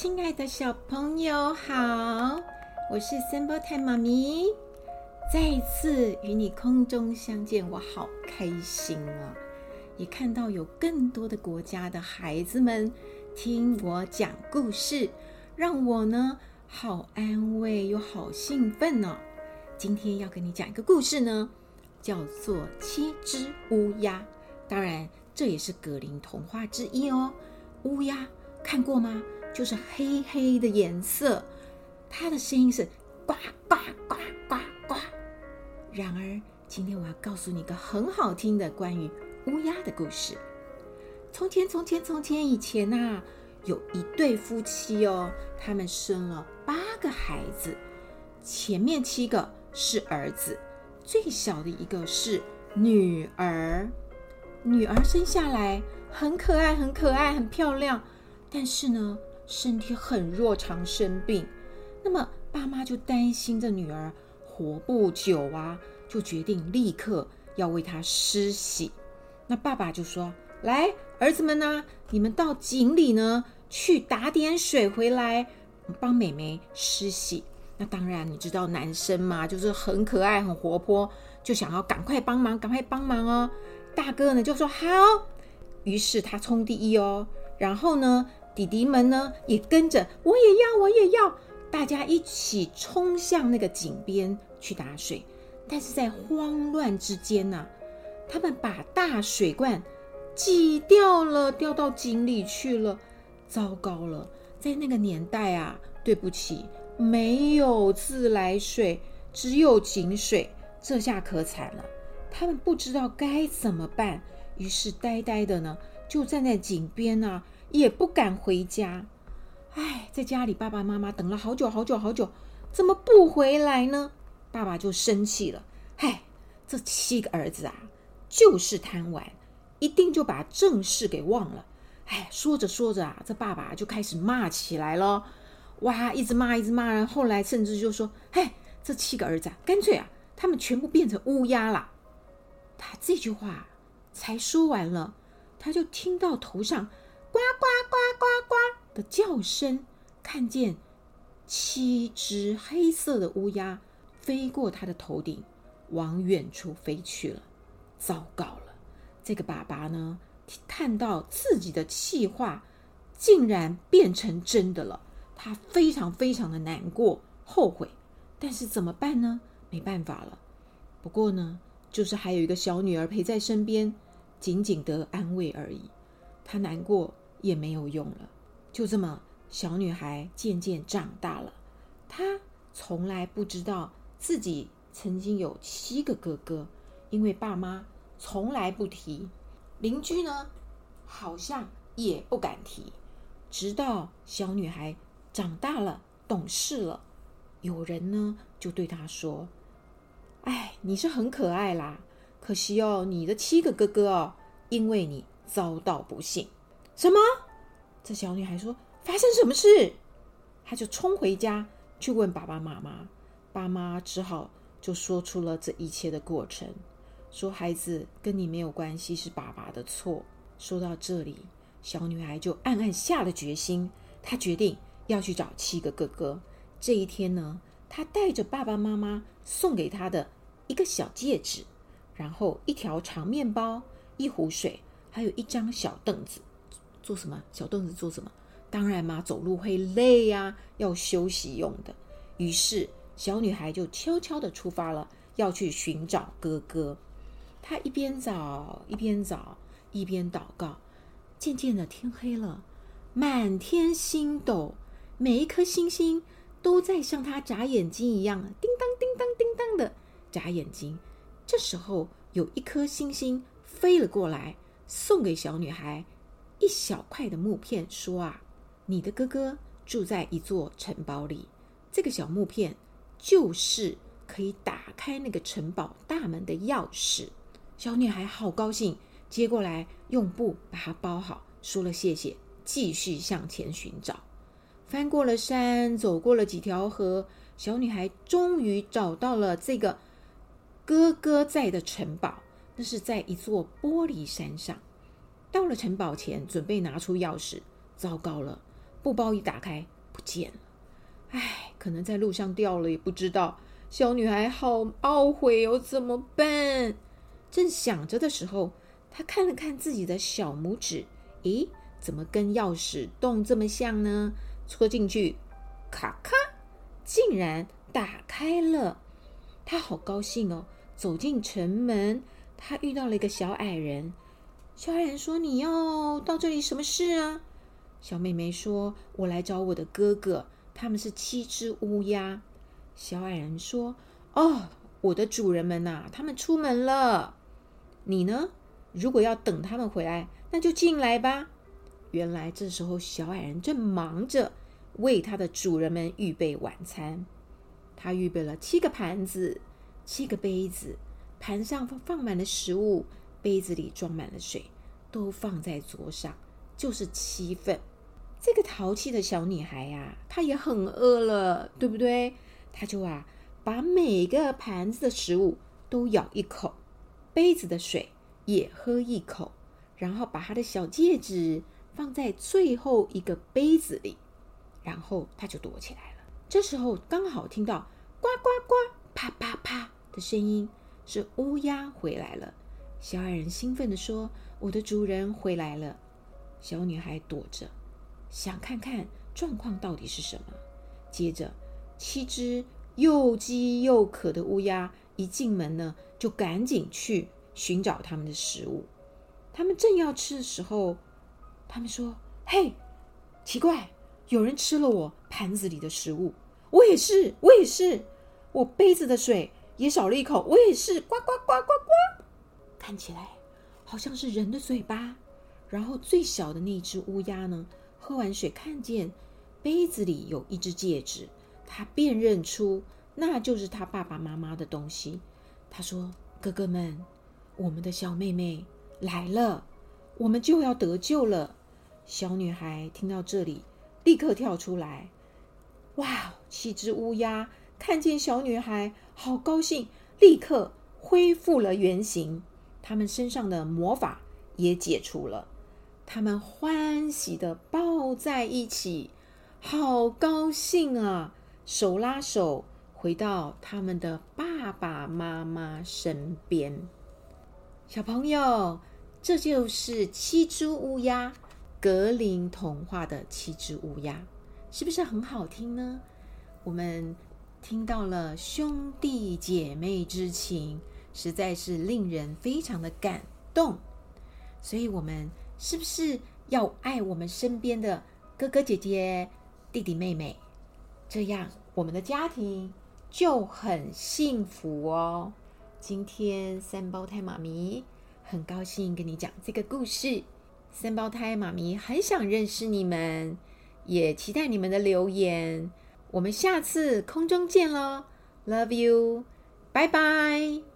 親愛的小朋友好，我是 Simple Time 媽咪，再一次與你空中相見，我好開心啊、哦！也看到有更多的國家的孩子們聽我講故事，讓我呢好安慰又好興奮哦，今天要跟你講一個故事呢，叫做《七隻烏鴉》，當然這也是格林童話之一哦。烏鴉看過嗎？就是黑黑的顏色，它的聲音是呱呱呱呱呱呱呱。然而，今天我要告訴你一個很好聽的關於烏鴉的故事。從前，從前，從前以前吶、啊，有一對夫妻哦，他們生了八個孩子，前面七個是兒子，最小的一個是女兒。女兒生下來很可愛，很可愛，很漂亮，但是呢，身體很弱，常生病，那麼爸媽就擔心着女兒活不久啊，就決定立刻要為她施洗。那爸爸就說：“來，兒子們呢、啊，你們到井裡呢去打點水回來，幫妹妹施洗。”那當然，你知道男生嘛，就是很可愛、很活潑，就想要趕快幫忙，趕快幫忙哦。大哥呢就說：“好。”於是他衝第一哦，然後呢？弟弟們呢也跟着，我也要，我也要，大家一起衝向那個井邊去打水。但是在慌亂之間呢、啊，他們把大水罐擠掉了，掉到井裡去了。糟糕了！在那個年代啊，對不起，沒有自來水，只有井水。這下可慘了，他們不知道該怎麼辦，於是呆呆的呢，就站在井邊呢、啊。也不敢回家，哎，在家裡爸爸媽媽等了好久好久好久，怎麼不回來呢？爸爸就生氣了，哎，這七個兒子啊，就是貪玩，一定就把正事給忘了，哎，說着說着啊，這爸爸就開始罵起來咯，哇，一直罵一直罵，後來甚至就說，哎，這七個兒子啊，乾脆啊，他們全部變成烏鴉了。他這句話才說完了，他就聽到頭上。呱呱呱呱呱的叫聲，看見七隻黑色的烏鴉飛過他的頭頂，往遠處飛去了。糟糕了，這個爸爸呢，看到自己的氣話竟然變成真的了，他非常非常的難過、後悔。但是怎麼辦呢？沒辦法了。不過呢，就是還有一個小女兒陪在身邊，緊緊的安慰而已。他難過也沒有用了，就這麼小女孩漸漸長大了。她從來不知道自己曾經有七個哥哥，因為爸媽從來不提，鄰居呢，好像也不敢提。直到小女孩長大了懂事了，有人呢，就對她說：“哎，你是很可愛啦，可惜哦，你的七個哥哥哦，因為你。”遭到不幸，什麼？這小女孩說：“發生什麼事？”她就衝回家去問爸爸媽媽。爸媽只好就說出了這一切的過程，說：“孩子，跟你沒有關係，是爸爸的錯。”說到這裡，小女孩就暗暗下了決心，她決定要去找七個哥哥。這一天呢，她帶着爸爸媽媽送給她的一個小戒指，然後一條長麵包，一壺水。還有一張小凳子，做什麼？小凳子做什麼？當然嘛，走路會累呀、啊，要休息用的。於是小女孩就悄悄的出發了，要去尋找哥哥。她一邊找，一邊找，一邊禱告。漸漸的天黑了，滿天星斗，每一顆星星都在像她眨眼睛一樣，叮噹叮噹叮噹的眨眼睛。這時候有一顆星星飛了過來。送給小女孩一小塊的木片，說啊，你的哥哥住在一座城堡裡，這個小木片就是可以打開那個城堡大門的鑰匙。小女孩好高興，接過來用布把它包好，說了謝謝，繼續向前尋找。翻過了山，走過了幾條河，小女孩終於找到了這個哥哥在的城堡。那是在一座玻璃山上。到了城堡前，準備拿出鑰匙，糟糕了，布包一打開不見了。唉，可能在路上掉了，也不知道。小女孩好懊悔哦，怎麼辦？正想着的時候，她看了看自己的小拇指，咦，怎麼跟鑰匙洞這麼像呢？戳進去，咔咔，竟然打開了！她好高興哦，走進城門。他遇到了一個小矮人，小矮人說：“你要到這裡什麼事啊？”小妹妹說：“我來找我的哥哥，他們是七隻烏鴉。”小矮人說：“哦，我的主人們吶，他們出門了。你呢？如果要等他們回來，那就進來吧。”原來這時候，小矮人正忙着為他的主人們預備晚餐，他預備了七個盤子，七個杯子。盤上放放滿了食物，杯子裡裝滿了水，都放在桌上，就是七份。這個淘氣的小女孩呀、啊，她也很餓了，對不對？她就啊，把每個盤子的食物都咬一口，杯子的水也喝一口，然後把她的小戒指放在最後一個杯子裡，然後她就躲起來了。這時候剛好聽到“呱呱呱”“啪啪啪啪”的聲音。是烏鴉回來了，小矮人興奮地說：“我的主人回來了。”小女孩躲着，想看看狀況到底是什麼。接着，七隻又飢又渴的烏鴉一進門呢，就趕緊去尋找他們的食物。他們正要吃的時候，他們說：“嘿，奇怪，有人吃了我盤子裡的食物，我也是，我也是，我杯子的水。”也少了一口，我也是呱呱呱呱呱。看起來好像是人的嘴巴。然後最小的那只烏鴉呢，喝完水，看見杯子裡有一只戒指，他辨認出那就是他爸爸媽媽的東西。他說：“哥哥們，我們的小妹妹來了，我們就要得救了。”小女孩聽到這裡，立刻跳出來：“哇，七只烏鴉！”看見小女孩，好高興，立刻恢復了原形。他們身上的魔法也解除了，他們歡喜地抱在一起，好高興啊！手拉手回到他們的爸爸媽媽身邊。小朋友，這就是七隻烏鴉，格林童話的七隻烏鴉，是不是很好聽呢？我們。聽到了兄弟姐妹之情，實在是令人非常的感動。所以，我們是不是要愛我們身邊的哥哥姐姐、弟弟妹妹？這樣，我們的家庭就很幸福哦。今天三胞胎媽咪很高興跟你講這個故事。三胞胎媽咪很想認識你們，也期待你們的留言。我們下次空中見嘍，Love you，拜拜。